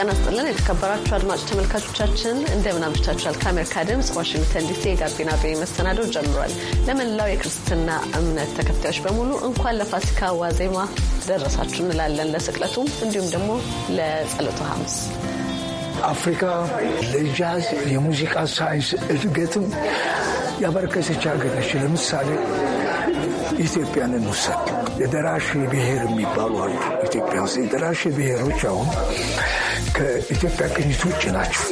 ጤና ስጥልን የተከበራችሁ አድማጭ ተመልካቾቻችን እንደምን አምሽታችኋል። ከአሜሪካ ድምፅ ዋሽንግተን ዲሲ የጋቢና ቤ መሰናዶው ጀምሯል። ለመላው የክርስትና እምነት ተከታዮች በሙሉ እንኳን ለፋሲካ ዋዜማ ደረሳችሁ እንላለን። ለስቅለቱም እንዲሁም ደግሞ ለጸሎቱ ሐሙስ አፍሪካ ለጃዝ የሙዚቃ ሳይንስ እድገትም ያበረከተች ሀገር ለምሳሌ ኢትዮጵያን እንውሰድ። የደራሽ ብሔር የሚባሉ አሉ። ኢትዮጵያ ውስጥ የደራሽ ብሔሮች አሁን ከኢትዮጵያ ቅኝት ውጭ ናቸው።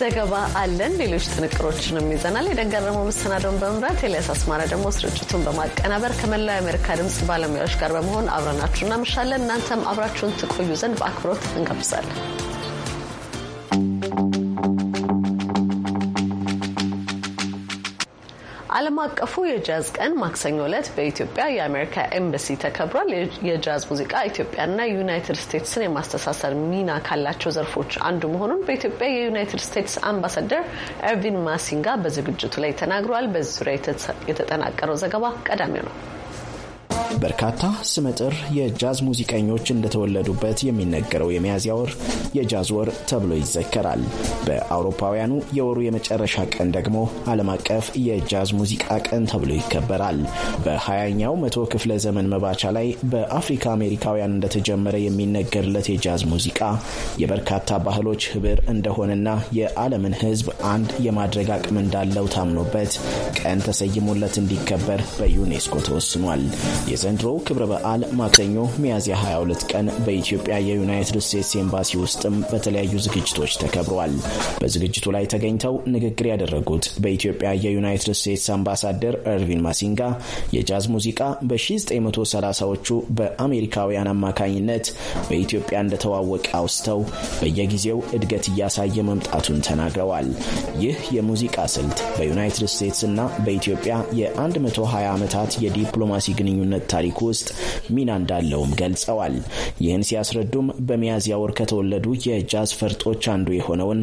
ዘገባ አለን። ሌሎች ጥንቅሮችንም ይዘናል። የደንገረመው መሰናዶውን በመምራት ኤልያስ አስማረ ደግሞ ስርጭቱን በማቀናበር ከመላው የአሜሪካ ድምፅ ባለሙያዎች ጋር በመሆን አብረናችሁ እናመሻለን። እናንተም አብራችሁን ትቆዩ ዘንድ በአክብሮት እንጋብዛለን። ዓለም አቀፉ የጃዝ ቀን ማክሰኞ ዕለት በኢትዮጵያ የአሜሪካ ኤምበሲ ተከብሯል። የጃዝ ሙዚቃ ኢትዮጵያና ዩናይትድ ስቴትስን የማስተሳሰር ሚና ካላቸው ዘርፎች አንዱ መሆኑን በኢትዮጵያ የዩናይትድ ስቴትስ አምባሳደር ኤርቪን ማሲንጋ በዝግጅቱ ላይ ተናግረዋል። በዚህ ዙሪያ የተጠናቀረው ዘገባ ቀዳሚው ነው። በርካታ ስመጥር የጃዝ ሙዚቀኞች እንደተወለዱበት የሚነገረው የሚያዝያ ወር የጃዝ ወር ተብሎ ይዘከራል። በአውሮፓውያኑ የወሩ የመጨረሻ ቀን ደግሞ ዓለም አቀፍ የጃዝ ሙዚቃ ቀን ተብሎ ይከበራል። በሀያኛው መቶ ክፍለ ዘመን መባቻ ላይ በአፍሪካ አሜሪካውያን እንደተጀመረ የሚነገርለት የጃዝ ሙዚቃ የበርካታ ባህሎች ህብር እንደሆነና የዓለምን ህዝብ አንድ የማድረግ አቅም እንዳለው ታምኖበት ቀን ተሰይሞለት እንዲከበር በዩኔስኮ ተወስኗል። የዘንድሮ ክብረ በዓል ማክሰኞ ሚያዝያ 22 ቀን በኢትዮጵያ የዩናይትድ ስቴትስ ኤምባሲ ውስጥም በተለያዩ ዝግጅቶች ተከብሯል። በዝግጅቱ ላይ ተገኝተው ንግግር ያደረጉት በኢትዮጵያ የዩናይትድ ስቴትስ አምባሳደር እርቪን ማሲንጋ የጃዝ ሙዚቃ በ1930ዎቹ በአሜሪካውያን አማካኝነት በኢትዮጵያ እንደተዋወቀ አውስተው በየጊዜው እድገት እያሳየ መምጣቱን ተናግረዋል። ይህ የሙዚቃ ስልት በዩናይትድ ስቴትስ እና በኢትዮጵያ የ120 ዓመታት የዲፕሎማሲ ግንኙነት ታሪክ ውስጥ ሚና እንዳለውም ገልጸዋል። ይህን ሲያስረዱም በሚያዝያ ወር ከተወለዱ የጃዝ ፈርጦች አንዱ የሆነውን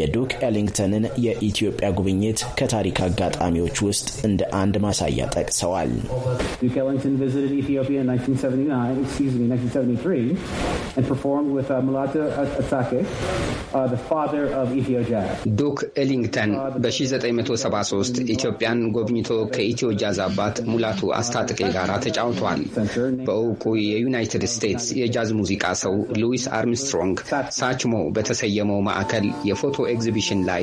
የዱክ ኤሊንግተንን የኢትዮጵያ ጉብኝት ከታሪክ አጋጣሚዎች ውስጥ እንደ አንድ ማሳያ ጠቅሰዋል። ዱክ ኤሊንግተን uh, uh, በ1973 ኢትዮጵያን ጎብኝቶ ከኢትዮ ጃዝ አባት ሙላቱ አስታጥቄ ጋር ተጫ ተጫውተዋል። በእውቁ የዩናይትድ ስቴትስ የጃዝ ሙዚቃ ሰው ሉዊስ አርምስትሮንግ ሳችሞ በተሰየመው ማዕከል የፎቶ ኤግዚቢሽን ላይ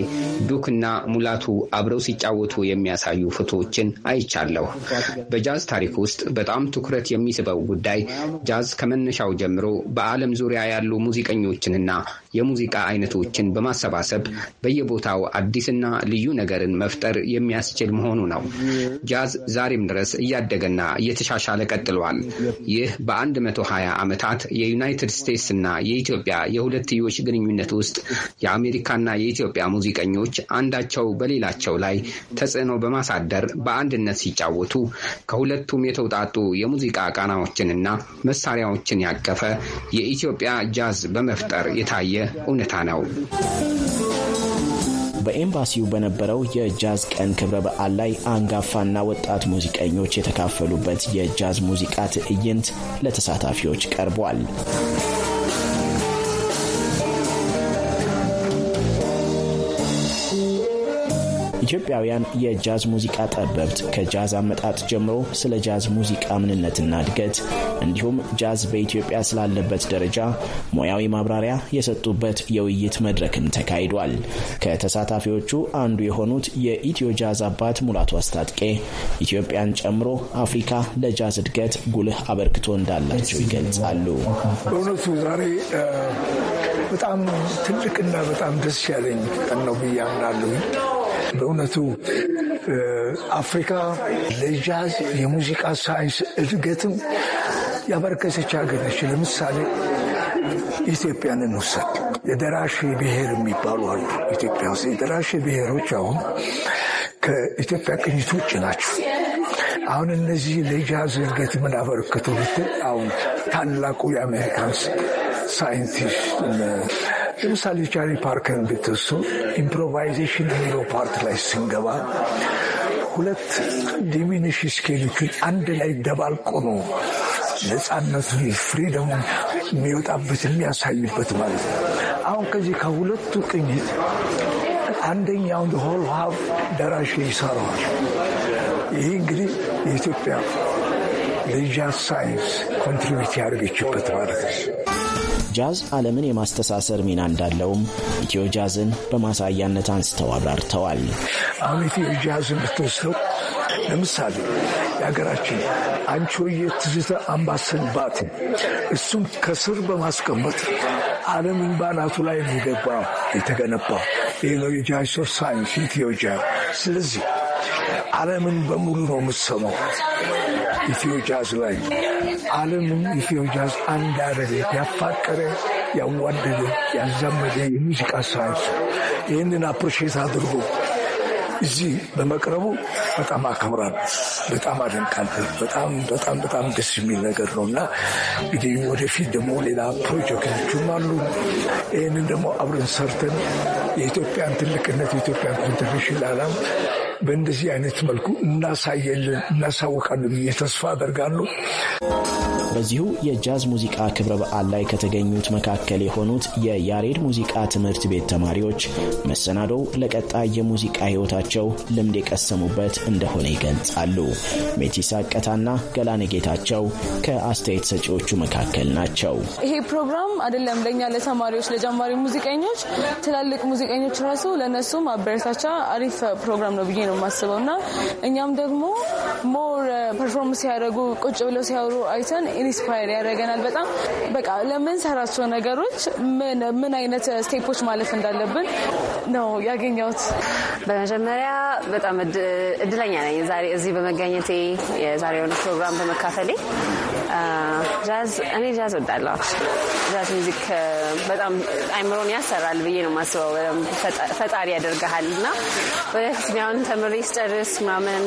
ዱክና ሙላቱ አብረው ሲጫወቱ የሚያሳዩ ፎቶዎችን አይቻለሁ። በጃዝ ታሪክ ውስጥ በጣም ትኩረት የሚስበው ጉዳይ ጃዝ ከመነሻው ጀምሮ በዓለም ዙሪያ ያሉ ሙዚቀኞችንና የሙዚቃ አይነቶችን በማሰባሰብ በየቦታው አዲስና ልዩ ነገርን መፍጠር የሚያስችል መሆኑ ነው። ጃዝ ዛሬም ድረስ እያደገና እየተሻሻለ እየተሻሻለ ቀጥሏል። ይህ በ120 ዓመታት የዩናይትድ ስቴትስና የኢትዮጵያ የሁለትዮሽ ግንኙነት ውስጥ የአሜሪካና የኢትዮጵያ ሙዚቀኞች አንዳቸው በሌላቸው ላይ ተጽዕኖ በማሳደር በአንድነት ሲጫወቱ ከሁለቱም የተውጣጡ የሙዚቃ ቃናዎችንና መሳሪያዎችን ያቀፈ የኢትዮጵያ ጃዝ በመፍጠር የታየ እውነታ ነው። በኤምባሲው በነበረው የጃዝ ቀን ክብረ በዓል ላይ አንጋፋና ወጣት ሙዚቀኞች የተካፈሉበት የጃዝ ሙዚቃ ትዕይንት ለተሳታፊዎች ቀርቧል። ኢትዮጵያውያን የጃዝ ሙዚቃ ጠበብት ከጃዝ አመጣጥ ጀምሮ ስለ ጃዝ ሙዚቃ ምንነትና እድገት እንዲሁም ጃዝ በኢትዮጵያ ስላለበት ደረጃ ሙያዊ ማብራሪያ የሰጡበት የውይይት መድረክም ተካሂዷል። ከተሳታፊዎቹ አንዱ የሆኑት የኢትዮ ጃዝ አባት ሙላቱ አስታጥቄ ኢትዮጵያን ጨምሮ አፍሪካ ለጃዝ እድገት ጉልህ አበርክቶ እንዳላቸው ይገልጻሉ። በእውነቱ ዛሬ በጣም ትልቅና በጣም ደስ ያለኝ ቀን ነው ብዬ አምናለሁ። በእውነቱ አፍሪካ ለጃዝ የሙዚቃ ሳይንስ እድገትም ያበረከተች ሀገር ነች። ለምሳሌ ኢትዮጵያን እንውሰድ። የደራሽ ብሔር የሚባሉ አሉ። ኢትዮጵያ ውስጥ የደራሽ ብሔሮች አሁን ከኢትዮጵያ ቅኝት ውጭ ናቸው። አሁን እነዚህ ለጃዝ እድገት ምን አበረከቱ ብትል አሁን ታላቁ የአሜሪካን ሳይንቲስት ለምሳሌ ቻሪ ፓርክን ብትሱ ኢምፕሮቫይዜሽን የሚለው ፓርት ላይ ስንገባ ሁለት ዲሚኒሽ ስኬሎችን አንድ ላይ ደባልቆ ነው ነፃነቱ ፍሪደሙ የሚወጣበት የሚያሳይበት ማለት ነው። አሁን ከዚህ ከሁለቱ ቅኝት አንደኛውን ሆል ሀብ ደራሽ ይሰራዋል። ይህ እንግዲህ የኢትዮጵያ ሌጃ ሳይንስ ኮንትሪቢዩት ያደርገችበት ማለት ነው። ጃዝ ዓለምን የማስተሳሰር ሚና እንዳለውም ኢትዮ ጃዝን በማሳያነት አንስተው አብራርተዋል። አሁን ኢትዮ ጃዝን ብትወስደው ለምሳሌ የሀገራችን አንቺሆዬ ትዝታ አምባሰል ባት እሱም ከስር በማስቀመጥ ዓለምን በአናቱ ላይ የሚገባ የተገነባው ይህ ነው የጃዝ ኢትዮ ጃዝ። ስለዚህ ዓለምን በሙሉ ነው የምትሰማው። ኢትዮ ጃዝ ላይ ዓለሙን ኢትዮ ጃዝ አንድ ያፋቀረ፣ ያዋደደ፣ ያዛመደ የሙዚቃ ሳይንስ ይህንን አፕሪሼት አድርጎ እዚህ በመቅረቡ በጣም አከብራለሁ፣ በጣም አደንቃል። በጣም በጣም በጣም ደስ የሚል ነገር ነው እና እንግዲህ ወደፊት ደግሞ ሌላ ፕሮጀክቶችም አሉ። ይህንን ደግሞ አብረን ሰርተን የኢትዮጵያን ትልቅነት የኢትዮጵያን ኮንትሪቢሽን ለዓለም በእንደዚህ አይነት መልኩ እናሳየልን እናሳውቃለን ብዬ ተስፋ አደርጋለሁ። በዚሁ የጃዝ ሙዚቃ ክብረ በዓል ላይ ከተገኙት መካከል የሆኑት የያሬድ ሙዚቃ ትምህርት ቤት ተማሪዎች መሰናዶው ለቀጣይ የሙዚቃ ሕይወታቸው ልምድ የቀሰሙበት እንደሆነ ይገልጻሉ። ሜቲሳ ቀታና ገላኔ ጌታቸው ከአስተያየት ሰጪዎቹ መካከል ናቸው። ይሄ ፕሮግራም አይደለም ለእኛ ለተማሪዎች ለጀማሪ ሙዚቀኞች፣ ትላልቅ ሙዚቀኞች ራሱ ለእነሱም አበረታቻ አሪፍ ፕሮግራም ነው ብዬ ነው የማስበው እና እኛም ደግሞ ሞር ፐርፎርም uh, ሲያደርጉ ቁጭ ብለው ሲያወሩ አይተን ኢንስፓየር ያደረገናል። በጣም በቃ ለምንሰራቸው ነገሮች ምን አይነት ስቴፖች uh, ማለፍ እንዳለብን ነው ያገኘሁት። በመጀመሪያ በጣም እድለኛ ነኝ ዛሬ እዚህ በመገኘቴ የዛሬውን ፕሮግራም በመካፈሌ ጃዝ እኔ ጃዝ ወዳለሁ። ጃዝ ሚዚክ በጣም አይምሮን ያሰራል ብዬ ነው ማስበው። ፈጣሪ ያደርግሃል እና ወደፊት ቢሆን ተምሬ ስጨርስ ምናምን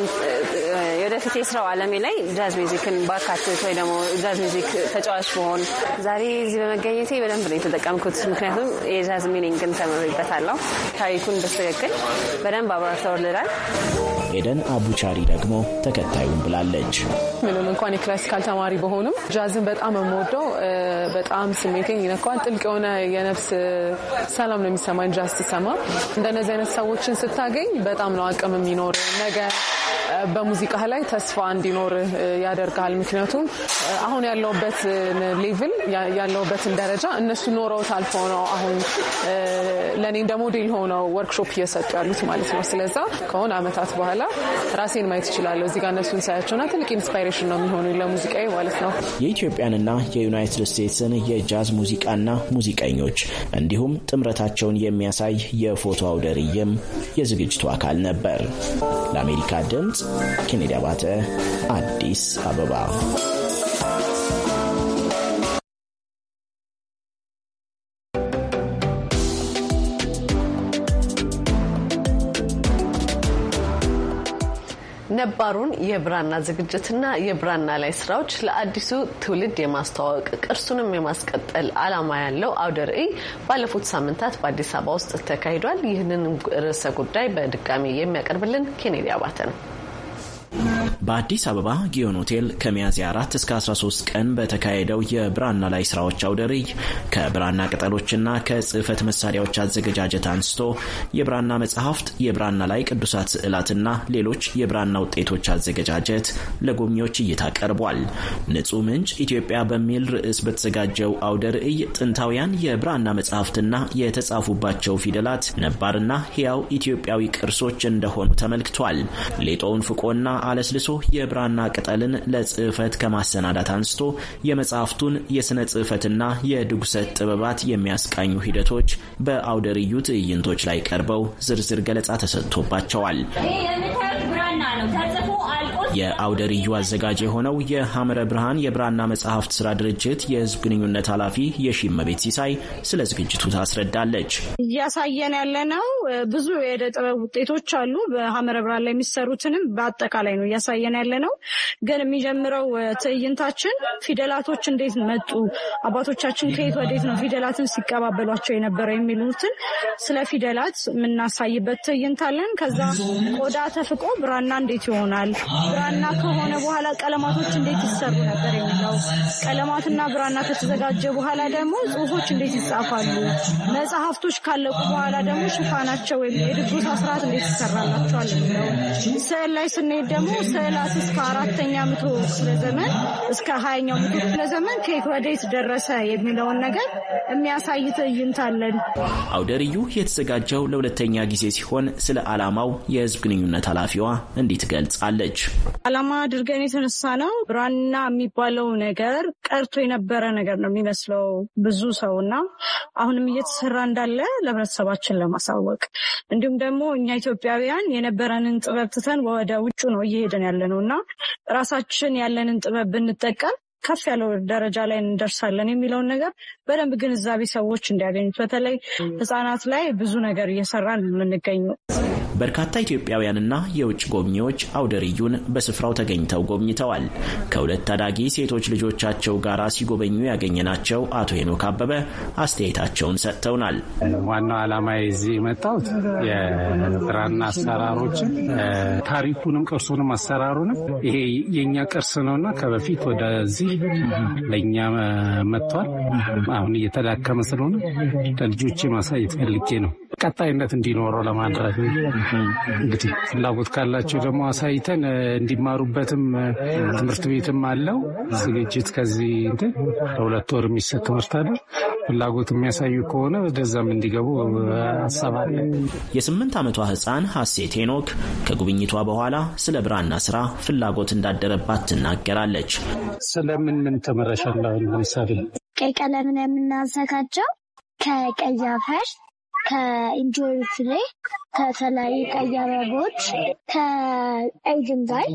የወደፊት የስራው አለሜ ላይ ጃዝ ሚዚክን ባካትት ወይ ደግሞ ጃዝ ሚዚክ ተጫዋች መሆን ዛሬ እዚህ በመገኘቴ በደንብ ነው የተጠቀምኩት። ምክንያቱም የጃዝ ሚኒንግን ተምሬበታለሁ። ታሪኩን በስትክክል በደንብ አብራርተውልናል። ኤደን አቡቻሪ ደግሞ ተከታዩን ብላለች። ምንም እንኳን የክላሲካል ተማሪ በሆንም ጃዝን በጣም የምወደው በጣም ስሜቴን ይነካዋል። ጥልቅ የሆነ የነፍስ ሰላም ነው የሚሰማኝ ጃዝ ስሰማ። እንደነዚህ አይነት ሰዎችን ስታገኝ በጣም ነው አቅም የሚኖር ነገር በሙዚቃህ ላይ ተስፋ እንዲኖር ያደርጋል። ምክንያቱም አሁን ያለውበትን ሌቭል ያለውበትን ደረጃ እነሱ ኖረውት አልፎ ነው አሁን ለእኔ እንደ ሞዴል ሆነው ወርክሾፕ እየሰጡ ያሉት ማለት ነው። ስለዛ ከሆነ አመታት በኋላ ራሴን ማየት ይችላለሁ እዚጋ እነሱን ሳያቸውና ትልቅ ኢንስፓይሬሽን ነው የሚሆኑ ለሙዚቃ ማለት ነው። የኢትዮጵያንና የዩናይትድ ስቴትስን የጃዝ ሙዚቃና ሙዚቀኞች እንዲሁም ጥምረታቸውን የሚያሳይ የፎቶ አውደ ርዕይም የዝግጅቱ አካል ነበር። ለአሜሪካ ድምፅ ድምፅ ኬኔዲ አባተ አዲስ አበባ። ነባሩን የብራና ዝግጅትና የብራና ላይ ስራዎች ለአዲሱ ትውልድ የማስተዋወቅ ቅርሱንም የማስቀጠል ዓላማ ያለው አውደ ርዕይ ባለፉት ሳምንታት በአዲስ አበባ ውስጥ ተካሂዷል። ይህንን ርዕሰ ጉዳይ በድጋሚ የሚያቀርብልን ኬኔዲ አባተ ነው። በአዲስ አበባ ጊዮን ሆቴል ከሚያዝያ 4 እስከ 13 ቀን በተካሄደው የብራና ላይ ስራዎች አውደ ርዕይ ከብራና ቅጠሎችና ከጽህፈት መሳሪያዎች አዘገጃጀት አንስቶ የብራና መጽሐፍት፣ የብራና ላይ ቅዱሳት ስዕላትና ሌሎች የብራና ውጤቶች አዘገጃጀት ለጎብኚዎች እይታ ቀርቧል። ንጹህ ምንጭ ኢትዮጵያ በሚል ርዕስ በተዘጋጀው አውደ ርዕይ ጥንታውያን የብራና መጽሐፍትና የተጻፉባቸው ፊደላት ነባርና ሕያው ኢትዮጵያዊ ቅርሶች እንደሆኑ ተመልክቷል። ሌጦውን ፍቆና አለስልሶ የብራና ቅጠልን ለጽህፈት ከማሰናዳት አንስቶ የመጽሐፍቱን የሥነ ጽህፈትና የድጉሰት ጥበባት የሚያስቃኙ ሂደቶች በአውደርዩ ትዕይንቶች ላይ ቀርበው ዝርዝር ገለጻ ተሰጥቶባቸዋል። የአውደ ርዕዩ አዘጋጅ የሆነው የሐመረ ብርሃን የብራና መጽሐፍት ስራ ድርጅት የህዝብ ግንኙነት ኃላፊ የሺመቤት ሲሳይ ስለ ዝግጅቱ ታስረዳለች። እያሳየን ያለ ነው ብዙ የእደ ጥበብ ውጤቶች አሉ። በሐመረ ብርሃን ላይ የሚሰሩትንም በአጠቃላይ ነው እያሳየን ያለ ነው። ግን የሚጀምረው ትዕይንታችን ፊደላቶች እንዴት መጡ፣ አባቶቻችን ከየት ወዴት ነው ፊደላትን ሲቀባበሏቸው የነበረ የሚሉትን ስለ ፊደላት የምናሳይበት ትዕይንት አለን። ከዛ ቆዳ ተፍቆ ብራና እንዴት ይሆናል፣ ብራና ከሆነ በኋላ ቀለማቶች እንዴት ይሰሩ ነበር የሚለው ቀለማትና ብራና ከተዘጋጀ በኋላ ደግሞ ጽሁፎች እንዴት ይጻፋሉ፣ መጽሐፍቶች ካለቁ በኋላ ደግሞ ሽፋናቸው ወይም የድጎስ አስራት እንዴት ይሰራላቸዋል የሚለው ስዕል ላይ ስንሄድ ደግሞ ስዕላት እስከ አራተኛ መቶ ክፍለ ዘመን እስከ ሀያኛው መቶ ክፍለ ዘመን ከየት ወዴት ደረሰ የሚለውን ነገር የሚያሳይ ትዕይንት አለን። አውደ ርዕዩ የተዘጋጀው ለሁለተኛ ጊዜ ሲሆን ስለ ዓላማው የህዝብ ግንኙነት ኃላፊዋ እንዲህ ገልጻለች። አላማ አድርገን የተነሳ ነው። ብራና የሚባለው ነገር ቀርቶ የነበረ ነገር ነው የሚመስለው ብዙ ሰው እና አሁንም እየተሰራ እንዳለ ለህብረተሰባችን ለማሳወቅ እንዲሁም ደግሞ እኛ ኢትዮጵያውያን የነበረንን ጥበብ ትተን ወደ ውጩ ነው እየሄደን ያለ ነው እና ራሳችን ያለንን ጥበብ ብንጠቀም ከፍ ያለው ደረጃ ላይ እንደርሳለን የሚለውን ነገር በደንብ ግንዛቤ ሰዎች እንዲያገኙት በተለይ ህጻናት ላይ ብዙ ነገር እየሰራን የምንገኘው በርካታ ኢትዮጵያውያንና የውጭ ጎብኚዎች አውደ ርዕዩን በስፍራው ተገኝተው ጎብኝተዋል። ከሁለት ታዳጊ ሴቶች ልጆቻቸው ጋር ሲጎበኙ ያገኘናቸው አቶ ሄኖክ አበበ አስተያየታቸውን ሰጥተውናል። ዋናው ዓላማ የዚህ የመጣሁት የብራና አሰራሮችን ታሪኩንም፣ ቅርሱንም፣ አሰራሩንም ይሄ የእኛ ቅርስ ነውና ከበፊት ወደዚህ ለእኛ መጥቷል። አሁን እየተዳከመ ስለሆነ ለልጆቼ ማሳየት ፈልጌ ነው። ቀጣይነት እንዲኖረው ለማድረግ እንግዲህ ፍላጎት ካላቸው ደግሞ አሳይተን እንዲማሩበትም ትምህርት ቤትም አለው ዝግጅት ከዚህ እንትን ለሁለት ወር የሚሰጥ ትምህርት አለ። ፍላጎት የሚያሳዩ ከሆነ ወደዛም እንዲገቡ አሰባለ። የስምንት ዓመቷ ህፃን ሀሴት ሄኖክ ከጉብኝቷ በኋላ ስለ ብራና ስራ ፍላጎት እንዳደረባት ትናገራለች። ስለምን ምን ተመረሻለሁ? ለምሳሌ ቀይ ቀለምን የምናዘጋጀው ከቀይ አፈር ከኢንጆሪ ፍሬ፣ ከተለያዩ ቀይ አበቦች፣ ከቀይ ድንጋይ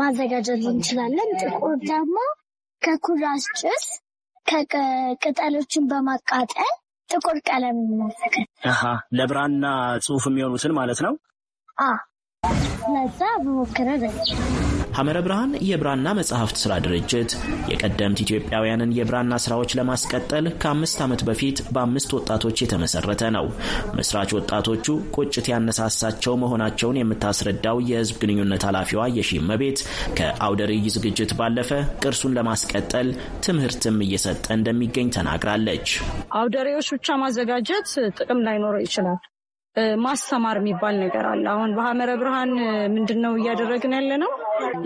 ማዘጋጀት እንችላለን። ጥቁር ደግሞ ከኩራስ ጭስ ከቅጠሎችን በማቃጠል ጥቁር ቀለም እናስገል ለብራና ጽሁፍ የሚሆኑትን ማለት ነው። ለዛ በሞክረ ሐመረ ብርሃን የብራና መጽሐፍት ስራ ድርጅት የቀደምት ኢትዮጵያውያንን የብራና ስራዎች ለማስቀጠል ከአምስት ዓመት በፊት በአምስት ወጣቶች የተመሰረተ ነው። መስራች ወጣቶቹ ቁጭት ያነሳሳቸው መሆናቸውን የምታስረዳው የህዝብ ግንኙነት ኃላፊዋ የሺመቤት ከአውደ ርዕይ ዝግጅት ባለፈ ቅርሱን ለማስቀጠል ትምህርትም እየሰጠ እንደሚገኝ ተናግራለች። አውደ ርዕዮች ብቻ ማዘጋጀት ጥቅም ላይኖረው ይችላል። ማስተማር የሚባል ነገር አለ። አሁን በሐመረ ብርሃን ምንድን ነው እያደረግን ያለ ነው?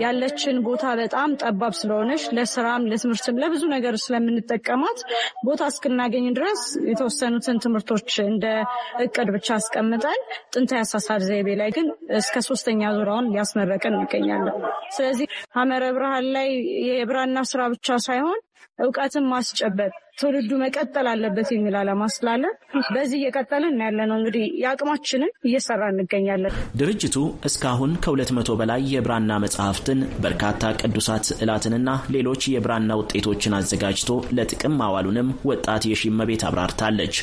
ያለችን ቦታ በጣም ጠባብ ስለሆነች ለስራም ለትምህርትም ለብዙ ነገር ስለምንጠቀማት ቦታ እስክናገኝ ድረስ የተወሰኑትን ትምህርቶች እንደ እቅድ ብቻ አስቀምጠን ጥንታዊ አሳሳል ዘይቤ ላይ ግን እስከ ሶስተኛ ዙሪያውን እያስመረቅን እንገኛለን። ስለዚህ ሐመረ ብርሃን ላይ የብራና ስራ ብቻ ሳይሆን እውቀትን ማስጨበጥ ትውልዱ መቀጠል አለበት የሚል ዓላማ ስላለ። በዚህ እየቀጠልን ያለ ነው። እንግዲህ የአቅማችንን እየሰራ እንገኛለን። ድርጅቱ እስካሁን ከሁለት መቶ በላይ የብራና መጽሐፍትን በርካታ ቅዱሳት ስዕላትንና ሌሎች የብራና ውጤቶችን አዘጋጅቶ ለጥቅም ማዋሉንም ወጣት ቤት አብራርታለች።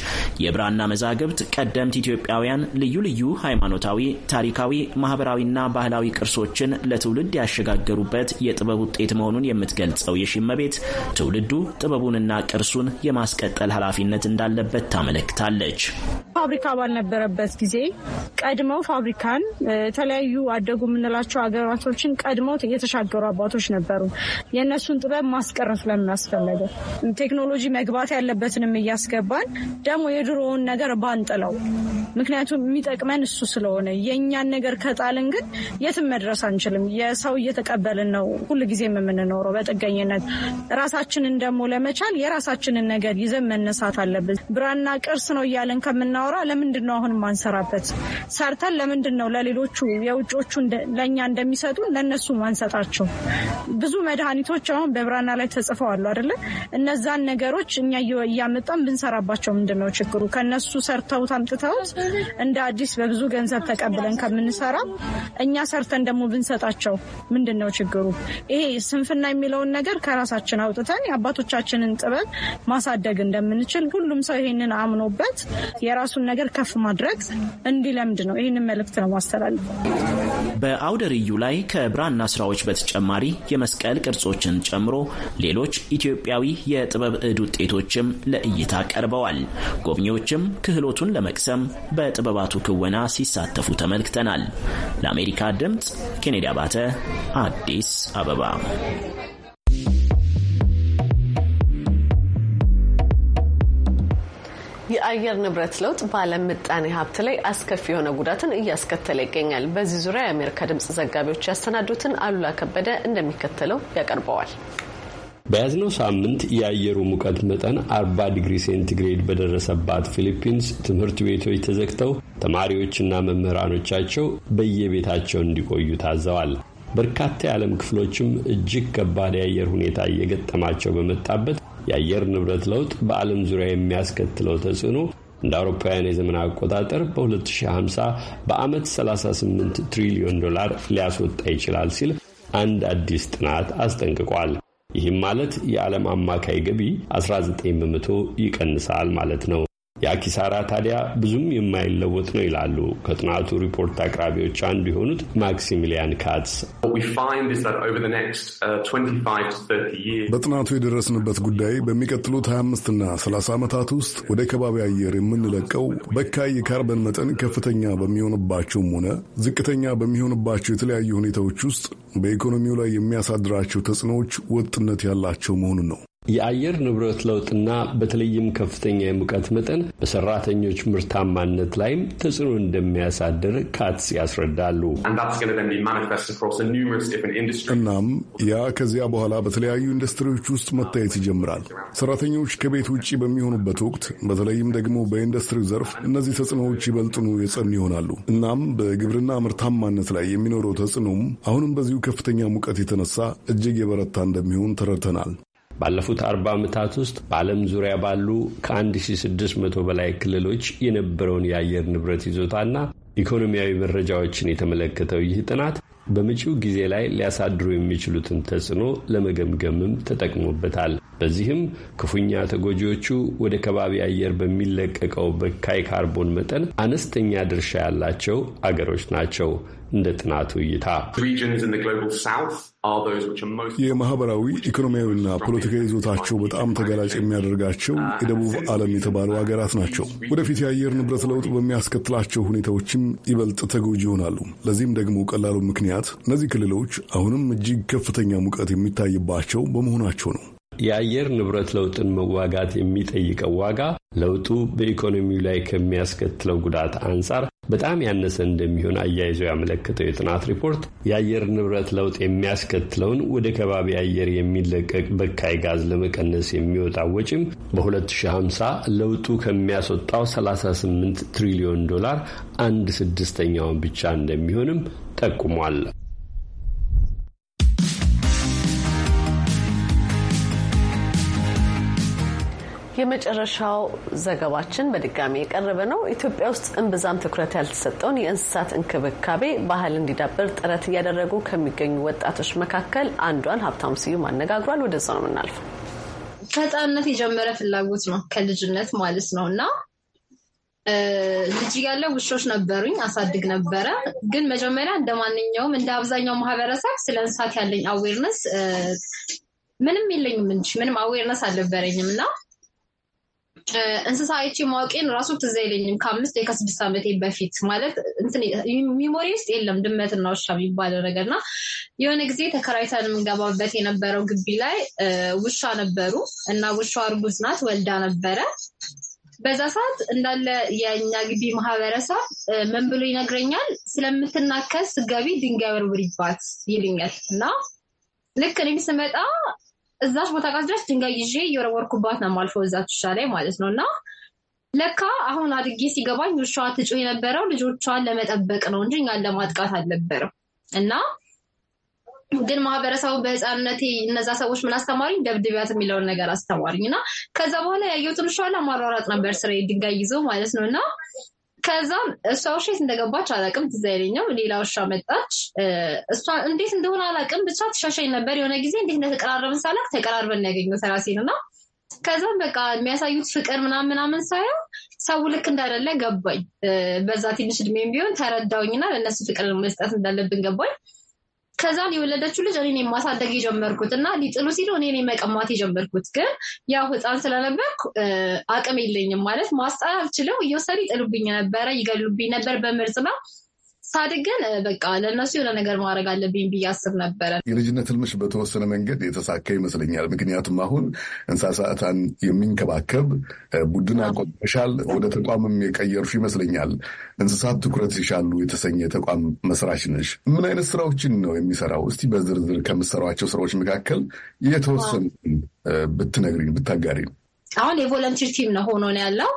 የብራና መዛግብት ቀደምት ኢትዮጵያውያን ልዩ ልዩ ሃይማኖታዊ፣ ታሪካዊ፣ ማህበራዊና ባህላዊ ቅርሶችን ለትውልድ ያሸጋገሩበት የጥበብ ውጤት መሆኑን የምትገልጸው ቤት ትውልዱ ጥበቡንና ቅርሱ ሂደቱን የማስቀጠል ኃላፊነት እንዳለበት ታመለክታለች። ፋብሪካ ባልነበረበት ጊዜ ቀድመው ፋብሪካን የተለያዩ አደጉ የምንላቸው ሀገራቶችን ቀድመው የተሻገሩ አባቶች ነበሩ። የእነሱን ጥበብ ማስቀረት ለምን አስፈለገ? ቴክኖሎጂ መግባት ያለበትንም እያስገባን ደግሞ የድሮውን ነገር ባንጥለው። ምክንያቱም የሚጠቅመን እሱ ስለሆነ የእኛን ነገር ከጣልን ግን የትም መድረስ አንችልም። የሰው እየተቀበልን ነው ሁል ጊዜ የምንኖረው በጥገኝነት። ራሳችንን ደግሞ ለመቻል የራሳችን ያለችንን ነገር ይዘን መነሳት አለብን። ብራና ቅርስ ነው እያለን ከምናወራ ለምንድን ነው አሁን ማንሰራበት? ሰርተን ለምንድን ነው ለሌሎቹ የውጮቹ ለእኛ እንደሚሰጡ ለእነሱ ማንሰጣቸው? ብዙ መድኃኒቶች አሁን በብራና ላይ ተጽፈዋሉ አይደለ? እነዛን ነገሮች እኛ እያመጣን ብንሰራባቸው ምንድን ነው ችግሩ? ከነሱ ሰርተውት አምጥተውት እንደ አዲስ በብዙ ገንዘብ ተቀብለን ከምንሰራ እኛ ሰርተን ደግሞ ብንሰጣቸው ምንድን ነው ችግሩ? ይሄ ስንፍና የሚለውን ነገር ከራሳችን አውጥተን የአባቶቻችንን ጥበብ ማሳደግ እንደምንችል ሁሉም ሰው ይሄንን አምኖበት የራሱን ነገር ከፍ ማድረግ እንዲለምድ ነው። ይህንን መልእክት ነው ማስተላለፍ። በአውደ ርዕዩ ላይ ከብራና ስራዎች በተጨማሪ የመስቀል ቅርጾችን ጨምሮ ሌሎች ኢትዮጵያዊ የጥበብ እድ ውጤቶችም ለእይታ ቀርበዋል። ጎብኚዎችም ክህሎቱን ለመቅሰም በጥበባቱ ክወና ሲሳተፉ ተመልክተናል። ለአሜሪካ ድምፅ ኬኔዲ አባተ አዲስ አበባ የአየር ንብረት ለውጥ በዓለም ምጣኔ ሀብት ላይ አስከፊ የሆነ ጉዳትን እያስከተለ ይገኛል። በዚህ ዙሪያ የአሜሪካ ድምጽ ዘጋቢዎች ያሰናዱትን አሉላ ከበደ እንደሚከተለው ያቀርበዋል። በያዝነው ሳምንት የአየሩ ሙቀት መጠን 40 ዲግሪ ሴንቲግሬድ በደረሰባት ፊሊፒንስ ትምህርት ቤቶች ተዘግተው ተማሪዎችና መምህራኖቻቸው በየቤታቸው እንዲቆዩ ታዘዋል። በርካታ የዓለም ክፍሎችም እጅግ ከባድ የአየር ሁኔታ እየገጠማቸው በመጣበት የአየር ንብረት ለውጥ በዓለም ዙሪያ የሚያስከትለው ተጽዕኖ እንደ አውሮፓውያን የዘመን አቆጣጠር በ2050 በዓመት 38 ትሪሊዮን ዶላር ሊያስወጣ ይችላል ሲል አንድ አዲስ ጥናት አስጠንቅቋል። ይህም ማለት የዓለም አማካይ ገቢ 19 በመቶ ይቀንሳል ማለት ነው። ያ ኪሳራ ታዲያ ብዙም የማይለወጥ ነው ይላሉ ከጥናቱ ሪፖርት አቅራቢዎች አንዱ የሆኑት ማክሲሚሊያን ካትስ። uh, በጥናቱ የደረስንበት ጉዳይ በሚቀጥሉት 25 እና 30 ዓመታት ውስጥ ወደ ከባቢ አየር የምንለቀው በካይ የካርበን መጠን ከፍተኛ በሚሆንባቸውም ሆነ ዝቅተኛ በሚሆንባቸው የተለያዩ ሁኔታዎች ውስጥ በኢኮኖሚው ላይ የሚያሳድራቸው ተጽዕኖዎች ወጥነት ያላቸው መሆኑን ነው። የአየር ንብረት ለውጥና በተለይም ከፍተኛ የሙቀት መጠን በሰራተኞች ምርታማነት ላይም ተጽዕኖ እንደሚያሳድር ካትስ ያስረዳሉ። እናም ያ ከዚያ በኋላ በተለያዩ ኢንዱስትሪዎች ውስጥ መታየት ይጀምራል። ሰራተኞች ከቤት ውጭ በሚሆኑበት ወቅት፣ በተለይም ደግሞ በኢንዱስትሪው ዘርፍ እነዚህ ተጽዕኖዎች ይበልጥኑ የጸኑ ይሆናሉ። እናም በግብርና ምርታማነት ላይ የሚኖረው ተጽዕኖም አሁንም በዚሁ ከፍተኛ ሙቀት የተነሳ እጅግ የበረታ እንደሚሆን ተረድተናል። ባለፉት አርባ ዓመታት ውስጥ በዓለም ዙሪያ ባሉ ከ1600 በላይ ክልሎች የነበረውን የአየር ንብረት ይዞታና ኢኮኖሚያዊ መረጃዎችን የተመለከተው ይህ ጥናት በመጪው ጊዜ ላይ ሊያሳድሩ የሚችሉትን ተጽዕኖ ለመገምገምም ተጠቅሞበታል። በዚህም ክፉኛ ተጎጂዎቹ ወደ ከባቢ አየር በሚለቀቀው በካይ ካርቦን መጠን አነስተኛ ድርሻ ያላቸው አገሮች ናቸው። እንደ ጥናቱ እይታ የማህበራዊ ኢኮኖሚያዊና ፖለቲካዊ ይዞታቸው በጣም ተጋላጭ የሚያደርጋቸው የደቡብ ዓለም የተባሉ ሀገራት ናቸው። ወደፊት የአየር ንብረት ለውጥ በሚያስከትላቸው ሁኔታዎችም ይበልጥ ተጎጂ ይሆናሉ። ለዚህም ደግሞ ቀላሉ ምክንያት እነዚህ ክልሎች አሁንም እጅግ ከፍተኛ ሙቀት የሚታይባቸው በመሆናቸው ነው። የአየር ንብረት ለውጥን መዋጋት የሚጠይቀው ዋጋ ለውጡ በኢኮኖሚው ላይ ከሚያስከትለው ጉዳት አንጻር በጣም ያነሰ እንደሚሆን አያይዞ ያመለከተው የጥናት ሪፖርት የአየር ንብረት ለውጥ የሚያስከትለውን ወደ ከባቢ አየር የሚለቀቅ በካይ ጋዝ ለመቀነስ የሚወጣ ወጪም በ2050 ለውጡ ከሚያስወጣው 38 ትሪሊዮን ዶላር አንድ ስድስተኛውን ብቻ እንደሚሆንም ጠቁሟል። የመጨረሻው ዘገባችን በድጋሚ የቀረበ ነው። ኢትዮጵያ ውስጥ እምብዛም ትኩረት ያልተሰጠውን የእንስሳት እንክብካቤ ባህል እንዲዳብር ጥረት እያደረጉ ከሚገኙ ወጣቶች መካከል አንዷን ሀብታሙ ስዩም አነጋግሯል። ወደዛ ነው የምናልፈው። ከህፃንነት የጀመረ ፍላጎት ነው፣ ከልጅነት ማለት ነው እና ልጅ ያለ ውሾች ነበሩኝ፣ አሳድግ ነበረ። ግን መጀመሪያ እንደ ማንኛውም እንደ አብዛኛው ማህበረሰብ ስለ እንስሳት ያለኝ አዌርነስ ምንም የለኝም እንጂ ምንም አዌርነስ አልነበረኝም እና እንስሳ አይቼ ማወቄን ራሱ ትዝ አይለኝም። ከአምስት ወይ ከስድስት ዓመቴ በፊት ማለት እንትን ሚሞሪ ውስጥ የለም ድመትና ውሻ የሚባለው ነገር እና የሆነ ጊዜ ተከራይተን የምንገባበት የነበረው ግቢ ላይ ውሻ ነበሩ እና ውሻ እርጉዝ ናት ወልዳ ነበረ። በዛ ሰዓት እንዳለ የእኛ ግቢ ማህበረሰብ ምን ብሎ ይነግረኛል? ስለምትናከስ ገቢ ድንጋይ ወርውሪባት ይልኛል እና ልክ እኔም ስመጣ እዛች ቦታ ጋር ድረስ ድንጋይ ይዤ እየወረወርኩባት ነው የማልፈው እዛች ውሻ ላይ ማለት ነው። እና ለካ አሁን አድጌ ሲገባኝ ውሻ ትጮህ የነበረው ልጆቿን ለመጠበቅ ነው እንጂ እኛን ለማጥቃት አልነበረም። እና ግን ማህበረሰቡ በህፃንነቴ እነዛ ሰዎች ምን አስተማሪኝ፣ ደብድቢያት የሚለውን ነገር አስተማሪኝ። እና ከዛ በኋላ ያየሁትን ውሻ ማሯራጥ ነበር ስራ ድንጋይ ይዞ ማለት ነው እና ከዛም እሷ ውሻ የት እንደገባች አላቅም፣ ትዝ አይለኝም። ሌላ ውሻ መጣች። እሷ እንዴት እንደሆነ አላቅም፣ ብቻ ትሻሻኝ ነበር። የሆነ ጊዜ እንዴት እንደተቀራረብን ሳላቅ ተቀራርበን ያገኘው ራሴን እና ከዛም በቃ የሚያሳዩት ፍቅር ምናምን ምናምን ሳየው ሰው ልክ እንዳደለ ገባኝ። በዛ ትንሽ እድሜም ቢሆን ተረዳውኝና ለእነሱ ፍቅር መስጠት እንዳለብን ገባኝ። ከዛን የወለደችው ልጅ እኔ ማሳደግ የጀመርኩት እና ሊጥሉ ሲሉ እኔ መቀማት የጀመርኩት ግን ያው ህፃን ስለነበርኩ አቅም የለኝም ማለት ማስጣል አልችልም። እየወሰዱ ይጥሉብኝ ነበረ፣ ይገሉብኝ ነበር በምርጥ ነው ሳድግ ግን በቃ ለእነሱ የሆነ ነገር ማድረግ አለብኝ ብዬ አስብ ነበረ። የልጅነት ህልምሽ በተወሰነ መንገድ የተሳካ ይመስለኛል። ምክንያቱም አሁን እንስሳትን የሚንከባከብ ቡድን አቆሻል፣ ወደ ተቋምም የቀየርሹ ይመስለኛል። እንስሳት ትኩረት ሲሻሉ የተሰኘ ተቋም መስራች ነሽ። ምን አይነት ስራዎችን ነው የሚሰራው? እስቲ በዝርዝር ከምትሰሯቸው ስራዎች መካከል የተወሰኑ ብትነግሪን፣ ብታጋሪን። አሁን የቮለንቲር ቲም ነው ሆኖ ነው ያለው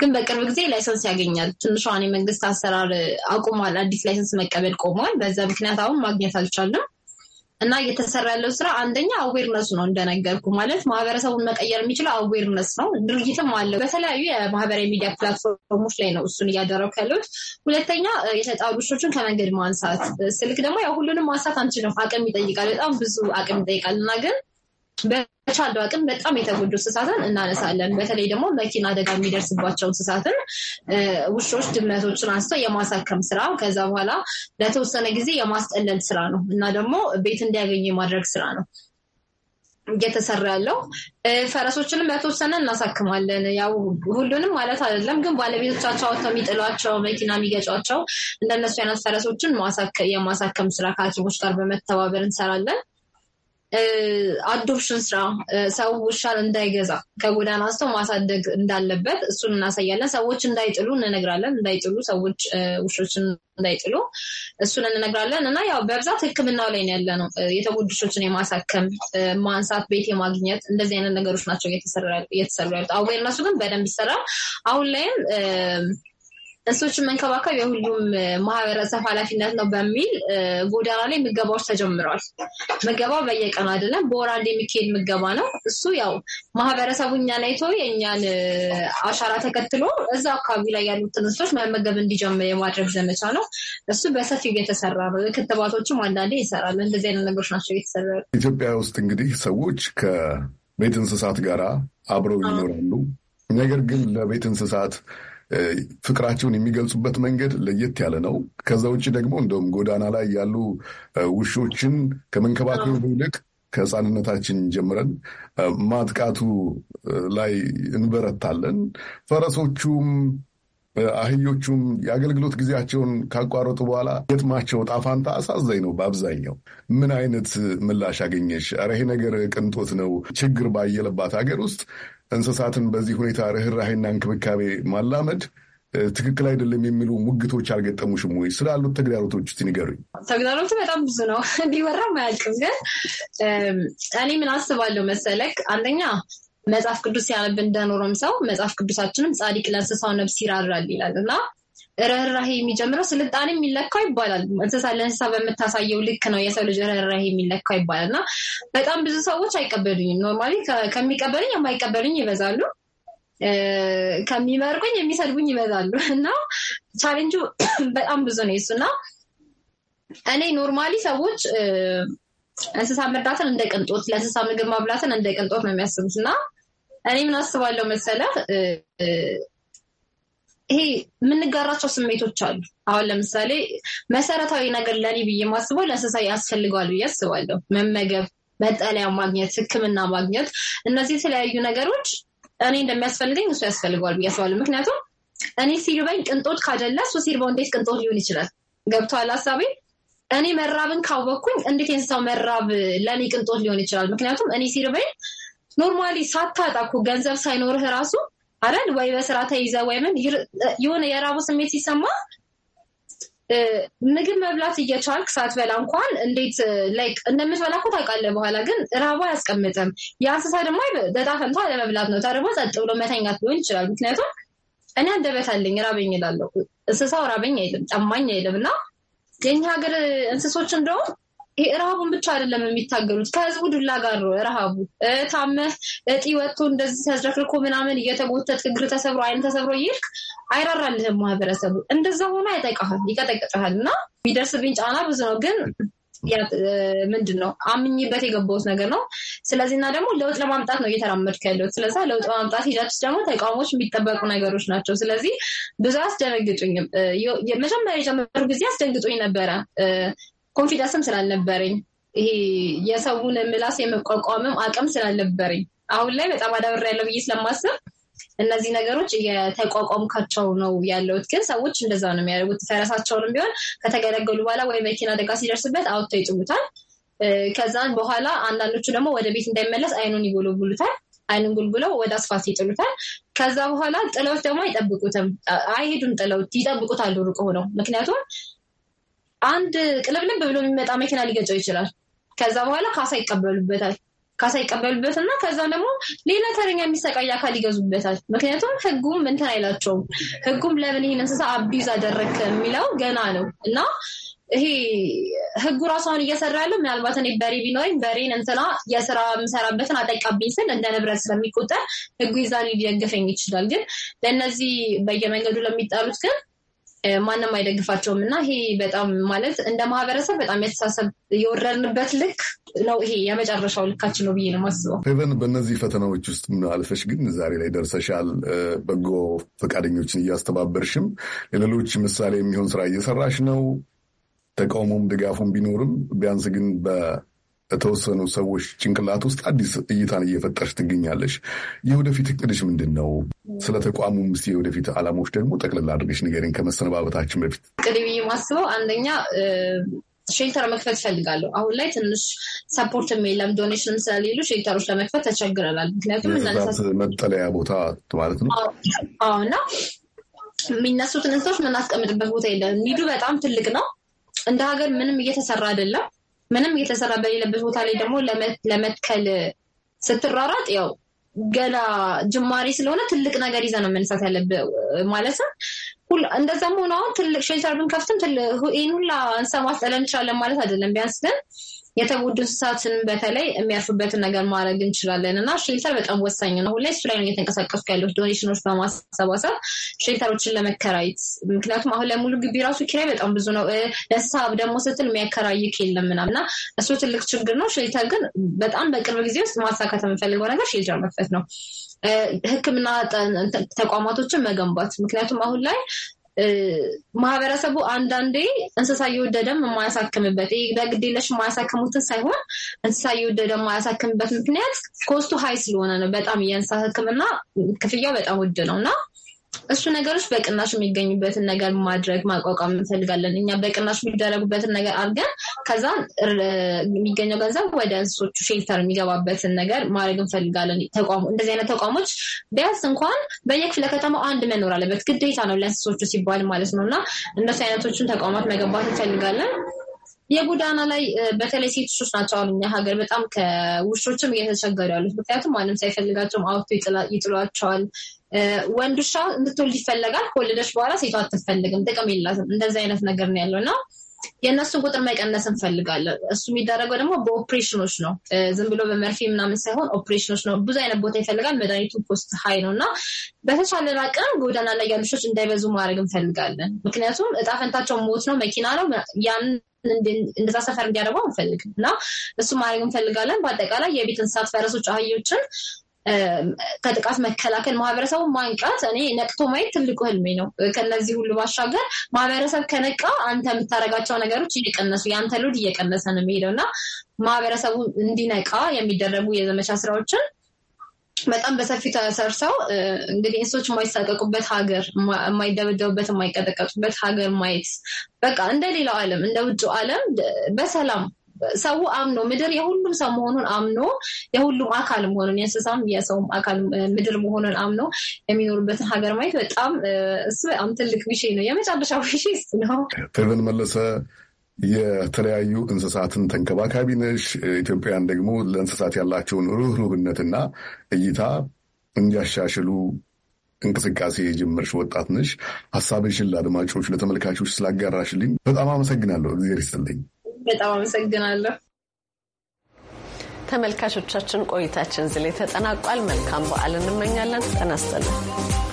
ግን በቅርብ ጊዜ ላይሰንስ ያገኛል። ትንሿን የመንግስት አሰራር አቁሟል። አዲስ ላይሰንስ መቀበል ቆመዋል። በዛ ምክንያት አሁን ማግኘት አልቻለም። እና እየተሰራ ያለው ስራ አንደኛ አዌርነሱ ነው። እንደነገርኩ ማለት ማህበረሰቡን መቀየር የሚችለው አዌርነስ ነው። ድርጊትም አለ። በተለያዩ የማህበራዊ ሚዲያ ፕላትፎርሞች ላይ ነው እሱን እያደረኩ ያለሁት። ሁለተኛ የተጣሉ ውሾችን ከመንገድ ማንሳት። ስልክ ደግሞ ያው ሁሉንም ማንሳት አንችልም፣ አቅም ይጠይቃል። በጣም ብዙ አቅም ይጠይቃል እና ግን በቻልነው አቅም በጣም የተጎዱ እንስሳትን እናነሳለን። በተለይ ደግሞ መኪና አደጋ የሚደርስባቸው እንስሳትን ውሾች፣ ድመቶችን አንስቶ የማሳከም ስራ ከዛ በኋላ ለተወሰነ ጊዜ የማስጠለል ስራ ነው እና ደግሞ ቤት እንዲያገኙ የማድረግ ስራ ነው እየተሰራ ያለው። ፈረሶችንም በተወሰነ እናሳክማለን። ያው ሁሉንም ማለት አይደለም፣ ግን ባለቤቶቻቸው አውጥተው የሚጥሏቸው መኪና የሚገጫቸው እንደነሱ አይነት ፈረሶችን የማሳከም ስራ ከሐኪሞች ጋር በመተባበር እንሰራለን። አዶፕሽን ስራ ሰው ውሻን እንዳይገዛ ከጎዳና አንስተው ማሳደግ እንዳለበት እሱን እናሳያለን። ሰዎች እንዳይጥሉ እንነግራለን። እንዳይጥሉ ሰዎች ውሾችን እንዳይጥሉ እሱን እንነግራለን እና ያው በብዛት ሕክምናው ላይ ነው ያለ ነው። የተጎዱ ውሾችን የማሳከም ማንሳት፣ ቤት የማግኘት እንደዚህ አይነት ነገሮች ናቸው እየተሰሩ ያሉት። አዌርነሱ ግን በደንብ ይሰራል። አሁን ላይም እንስሶችን መንከባከብ የሁሉም ማህበረሰብ ኃላፊነት ነው በሚል ጎዳና ላይ ምገባዎች ተጀምረዋል። ምገባው በየቀኑ አይደለም፣ በወር አንድ የሚካሄድ ምገባ ነው። እሱ ያው ማህበረሰቡ እኛን አይቶ የእኛን አሻራ ተከትሎ እዛ አካባቢ ላይ ያሉት እንስሶች መመገብ እንዲጀምር የማድረግ ዘመቻ ነው። እሱ በሰፊው እየተሰራ ነው። ክትባቶችም አንዳንዴ ይሰራሉ። እንደዚህ አይነት ነገሮች ናቸው እየተሰራ ኢትዮጵያ ውስጥ እንግዲህ ሰዎች ከቤት እንስሳት ጋር አብረው ይኖራሉ። ነገር ግን ለቤት እንስሳት ፍቅራቸውን የሚገልጹበት መንገድ ለየት ያለ ነው። ከዛ ውጭ ደግሞ እንደውም ጎዳና ላይ ያሉ ውሾችን ከመንከባከብ ይልቅ ከህፃንነታችን ጀምረን ማጥቃቱ ላይ እንበረታለን። ፈረሶቹም አህዮቹም የአገልግሎት ጊዜያቸውን ካቋረጡ በኋላ ገጥማቸው ጣፋንታ አሳዛኝ ነው። በአብዛኛው ምን አይነት ምላሽ አገኘሽ? ኧረ ይሄ ነገር ቅንጦት ነው። ችግር ባየለባት ሀገር ውስጥ እንስሳትን በዚህ ሁኔታ ርኅራሄና እንክብካቤ ማላመድ ትክክል አይደለም የሚሉ ሙግቶች አልገጠሙሽም ወይ? ስላሉት ተግዳሮቶች እስኪ ንገሩኝ። ተግዳሮቱ በጣም ብዙ ነው፣ እንዲወራም አያልቅም። ግን እኔ ምን አስባለሁ መሰለክ አንደኛ መጽሐፍ ቅዱስ ሲያነብ እንደኖረም ሰው መጽሐፍ ቅዱሳችንም ጻድቅ ለእንስሳው ነብስ ይራራል ይላል እና ርኅራሄ የሚጀምረው ስልጣኔ የሚለካው ይባላል። እንስሳ ለእንስሳ በምታሳየው ልክ ነው የሰው ልጅ ርኅራሄ የሚለካው ይባላል እና በጣም ብዙ ሰዎች አይቀበሉኝም። ኖርማሊ ከሚቀበሉኝ የማይቀበሉኝ ይበዛሉ፣ ከሚመርቁኝ የሚሰድቡኝ ይበዛሉ እና ቻሌንጁ በጣም ብዙ ነው የሱ እና እኔ ኖርማሊ ሰዎች እንስሳ መርዳትን እንደ ቅንጦት፣ ለእንስሳ ምግብ ማብላትን እንደ ቅንጦት ነው የሚያስቡት እና እኔ ምን አስባለው መሰለህ ይሄ የምንጋራቸው ስሜቶች አሉ። አሁን ለምሳሌ መሰረታዊ ነገር ለኔ ብዬ ማስበው ለእንስሳ ያስፈልገዋል ብዬ አስባለሁ። መመገብ፣ መጠለያ ማግኘት፣ ሕክምና ማግኘት፣ እነዚህ የተለያዩ ነገሮች እኔ እንደሚያስፈልገኝ እሱ ያስፈልገዋል ብዬ አስባለሁ። ምክንያቱም እኔ ሲርበኝ ቅንጦት ካደላ እሱ ሲርበው እንዴት ቅንጦት ሊሆን ይችላል? ገብቶሃል ሀሳቤ? እኔ መራብን ካወቅኩኝ እንዴት የእንስሳው መራብ ለእኔ ቅንጦት ሊሆን ይችላል? ምክንያቱም እኔ ሲርበኝ ኖርማሊ ሳታጣ እኮ ገንዘብ ሳይኖርህ ራሱ አይደል ወይ በስራ ተይዘ ወይ ምን የሆነ የራቡ ስሜት ሲሰማ ምግብ መብላት እየቻልክ ሳትበላ እንኳን እንዴት ላይክ እንደምትበላ እኮ ታውቃለህ። በኋላ ግን ራቡ አያስቀምጥም። የእንስሳ ደግሞ በጣም ፈንታ ለመብላት ነው። ተርቦ ጸጥ ብሎ መተኛት ሊሆን ይችላል። ምክንያቱም እኔ አንደበት አለኝ ራበኝ እላለሁ። እንስሳው ራበኝ አይልም፣ ጠማኝ አይልም። እና የኛ ሀገር እንስሶች እንደውም ይሄ ረሃቡን ብቻ አይደለም የሚታገሉት ከህዝቡ ዱላ ጋር ነው። ረሃቡ ታመህ እጢ ወጥቶ እንደዚህ ተዝረክርኮ ምናምን እየተጎተት እግር ተሰብሮ አይን ተሰብሮ ይልክ አይራራልህም። ማህበረሰቡ እንደዛ ሆኖ አይጠቃሃል፣ ይቀጠቅጥሃል። እና የሚደርስብኝ ጫና ብዙ ነው ግን ምንድን ነው አምኝበት የገባሁት ነገር ነው። ስለዚህ እና ደግሞ ለውጥ ለማምጣት ነው እየተራመድክ ያለሁት። ስለዚ ለውጥ ለማምጣት ሂደት ደግሞ ተቃውሞች የሚጠበቁ ነገሮች ናቸው። ስለዚህ ብዙ አስደነግጡኝም። መጀመሪያ የጀመሩ ጊዜ አስደንግጦኝ ነበረ። ኮንፊደንስም ስላልነበረኝ ይሄ የሰውን ምላስ የመቋቋምም አቅም ስላልነበረኝ አሁን ላይ በጣም አዳብሬ ያለው ብዬ ስለማስብ እነዚህ ነገሮች የተቋቋምካቸው ነው ያለውት ግን ሰዎች እንደዛ ነው የሚያደርጉት። ፈረሳቸውንም ቢሆን ከተገለገሉ በኋላ ወይ መኪና አደጋ ሲደርስበት አውጥተው ይጥሉታል። ከዛን በኋላ አንዳንዶቹ ደግሞ ወደ ቤት እንዳይመለስ አይኑን ይጎለጉሉታል። አይኑን ጉልጉለው ወደ አስፋልት ይጥሉታል። ከዛ በኋላ ጥለውት ደግሞ አይጠብቁትም፣ አይሄዱም። ጥለውት ይጠብቁታሉ ሩቅ ሆነው። ምክንያቱም አንድ ቅልብልም ብሎ የሚመጣ መኪና ሊገጨው ይችላል። ከዛ በኋላ ካሳ ይቀበሉበታል። ካሳ ይቀበሉበት እና ከዛ ደግሞ ሌላ ተረኛ የሚሰቃይ አካል ይገዙበታል። ምክንያቱም ህጉም እንትን አይላቸውም። ህጉም ለምን ይህን እንስሳ አቢዝ አደረግ የሚለው ገና ነው እና ይሄ ህጉ ራሷን እየሰራ ያለው ምናልባት እኔ በሬ ቢኖረኝ በሬን እንትና የስራ የምሰራበትን አጠቃብኝ ስል እንደ ንብረት ስለሚቆጠር ህጉ ይዛን ሊደግፈኝ ይችላል። ግን ለእነዚህ በየመንገዱ ለሚጣሉት ግን ማንም አይደግፋቸውም እና ይሄ በጣም ማለት እንደ ማህበረሰብ በጣም የተሳሰብ የወረድንበት ልክ ነው። ይሄ የመጨረሻው ልካችን ነው ብዬ ነው ማስበው ፌቨን፣ በእነዚህ ፈተናዎች ውስጥ ምን አልፈሽ ግን ዛሬ ላይ ደርሰሻል። በጎ ፈቃደኞችን እያስተባበርሽም ለሌሎች ምሳሌ የሚሆን ስራ እየሰራሽ ነው። ተቃውሞም ድጋፉም ቢኖርም ቢያንስ ግን ለተወሰኑ ሰዎች ጭንቅላት ውስጥ አዲስ እይታን እየፈጠረች ትገኛለች። የወደፊት እቅድሽ ምንድን ነው? ስለ ተቋሙ ምስ የወደፊት አላማዎች ደግሞ ጠቅልላ አድርገሽ ንገሪኝ ከመሰነባበታችን በፊት። ቅድ ብዬ ማስበው አንደኛ ሼልተር መክፈት እፈልጋለሁ አሁን ላይ ትንሽ ሰፖርትም የለም፣ ዶኔሽንም ስለሌሉ ሼልተሮች ለመክፈት ተቸግረናል። ምክንያቱም መጠለያ ቦታ ማለት ነው እና የሚነሱትን እንስቶች ምናስቀምጥበት ቦታ የለም። ኒዱ በጣም ትልቅ ነው። እንደ ሀገር ምንም እየተሰራ አይደለም። ምንም እየተሰራ በሌለበት ቦታ ላይ ደግሞ ለመትከል ስትራራጥ ያው ገና ጅማሬ ስለሆነ ትልቅ ነገር ይዘ ነው መነሳት ያለብ ማለት ነው። እንደዛም ሆነ አሁን ትልቅ ሼልተር ብንከፍትም ይህን ሁላ እንስሳ ማስጠለል እንችላለን ማለት አይደለም። ቢያንስ ግን የተጎዱ እንስሳትን በተለይ የሚያርፉበትን ነገር ማድረግ እንችላለን እና ሼልተር በጣም ወሳኝ ነው። አሁን ላይ እሱ ላይ ነው እየተንቀሳቀስኩ ያለሁት ዶኔሽኖች በማሰባሰብ ሼልተሮችን ለመከራየት ምክንያቱም አሁን ላይ ሙሉ ግቢ ራሱ ኪራይ በጣም ብዙ ነው። ለእንስሳ ደግሞ ስትል የሚያከራይክ የለም ምናምን እና እሱ ትልቅ ችግር ነው። ሼልተር ግን በጣም በቅርብ ጊዜ ውስጥ ማሳካት የምፈልገው ነገር ሼልተር መክፈት ነው። ሕክምና ተቋማቶችን መገንባት ምክንያቱም አሁን ላይ ማህበረሰቡ አንዳንዴ እንስሳ እየወደደም የማያሳክምበት ይህ በግዴለሽ የማያሳክሙትን ሳይሆን እንስሳ እየወደደ የማያሳክምበት ምክንያት ኮስቱ ሀይ ስለሆነ ነው። በጣም የእንስሳ ሕክምና ክፍያው በጣም ውድ ነው እና እሱ ነገሮች በቅናሽ የሚገኙበትን ነገር ማድረግ ማቋቋም እንፈልጋለን። እኛ በቅናሽ የሚደረጉበትን ነገር አድርገን ከዛ የሚገኘው ገንዘብ ወደ እንስሶቹ ሼልተር የሚገባበትን ነገር ማድረግ እንፈልጋለን። ተቋሙ እንደዚህ አይነት ተቋሞች ቢያንስ እንኳን በየክፍለ ከተማው አንድ መኖር አለበት፣ ግዴታ ነው ለእንስሶቹ ሲባል ማለት ነው እና እንደሱ አይነቶችን ተቋማት መገንባት እንፈልጋለን። የጎዳና ላይ በተለይ ሴት ውሾች ናቸው። አሁን እኛ ሀገር በጣም ከውሾችም እየተቸገሩ ያሉት ምክንያቱም ማንም ሳይፈልጋቸውም አውቶ ይጥሏቸዋል። ወንድ ውሻ እንድትወልድ ይፈለጋል። ከወለደች በኋላ ሴቷ አትፈልግም፣ ጥቅም የላትም። እንደዚህ አይነት ነገር ነው ያለው እና የእነሱን ቁጥር መቀነስ እንፈልጋለን። እሱ የሚደረገው ደግሞ በኦፕሬሽኖች ነው፣ ዝም ብሎ በመርፌ ምናምን ሳይሆን ኦፕሬሽኖች ነው። ብዙ አይነት ቦታ ይፈልጋል። መድኃኒቱ ፖስት ሀይ ነው እና በተቻለ አቅም ጎዳና ላይ ያሉ ውሾች እንዳይበዙ ማድረግ እንፈልጋለን። ምክንያቱም እጣ ፈንታቸው ሞት ነው፣ መኪና ነው። ያንን እንደዛ ሰፈር እንዲያደርጉ አንፈልግም እና እሱ ማድረግ እንፈልጋለን። በአጠቃላይ የቤት እንስሳት ፈረሶች፣ አህዮችን ከጥቃት መከላከል ማህበረሰቡን ማንቃት እኔ ነቅቶ ማየት ትልቁ ህልሜ ነው። ከነዚህ ሁሉ ባሻገር ማህበረሰብ ከነቃ አንተ የምታደርጋቸው ነገሮች እየቀነሱ የአንተ ሎድ እየቀነሰ ነው የሚሄደው እና ማህበረሰቡ እንዲነቃ የሚደረጉ የዘመቻ ስራዎችን በጣም በሰፊው ተሰርተው እንግዲህ እንስሶች የማይሳቀቁበት ሀገር፣ የማይደበደቡበት፣ የማይቀጠቀጡበት ሀገር ማየት በቃ እንደ ሌላው ዓለም እንደ ውጭ ዓለም በሰላም ሰው አምኖ ምድር የሁሉም ሰው መሆኑን አምኖ የሁሉም አካል መሆኑን የእንስሳም የሰውም አካል ምድር መሆኑን አምኖ የሚኖሩበትን ሀገር ማየት በጣም እሱ በጣም ትልቅ ቢሼ ነው። የመጨረሻ ዊሼ ነው። ፌቨን መለሰ የተለያዩ እንስሳትን ተንከባካቢ ነሽ። ኢትዮጵያን ደግሞ ለእንስሳት ያላቸውን ርኅሩህነትና እይታ እንዲያሻሽሉ እንቅስቃሴ የጀመርሽ ወጣት ነሽ። ሀሳብሽን ለአድማጮች ለተመልካቾች ስላጋራሽልኝ በጣም አመሰግናለሁ። እግዚአብሔር ይስጥልኝ። በጣም አመሰግናለሁ። ተመልካቾቻችን ቆይታችን ዝሌ ተጠናቋል። መልካም በዓል እንመኛለን። ጤና ይስጥልን።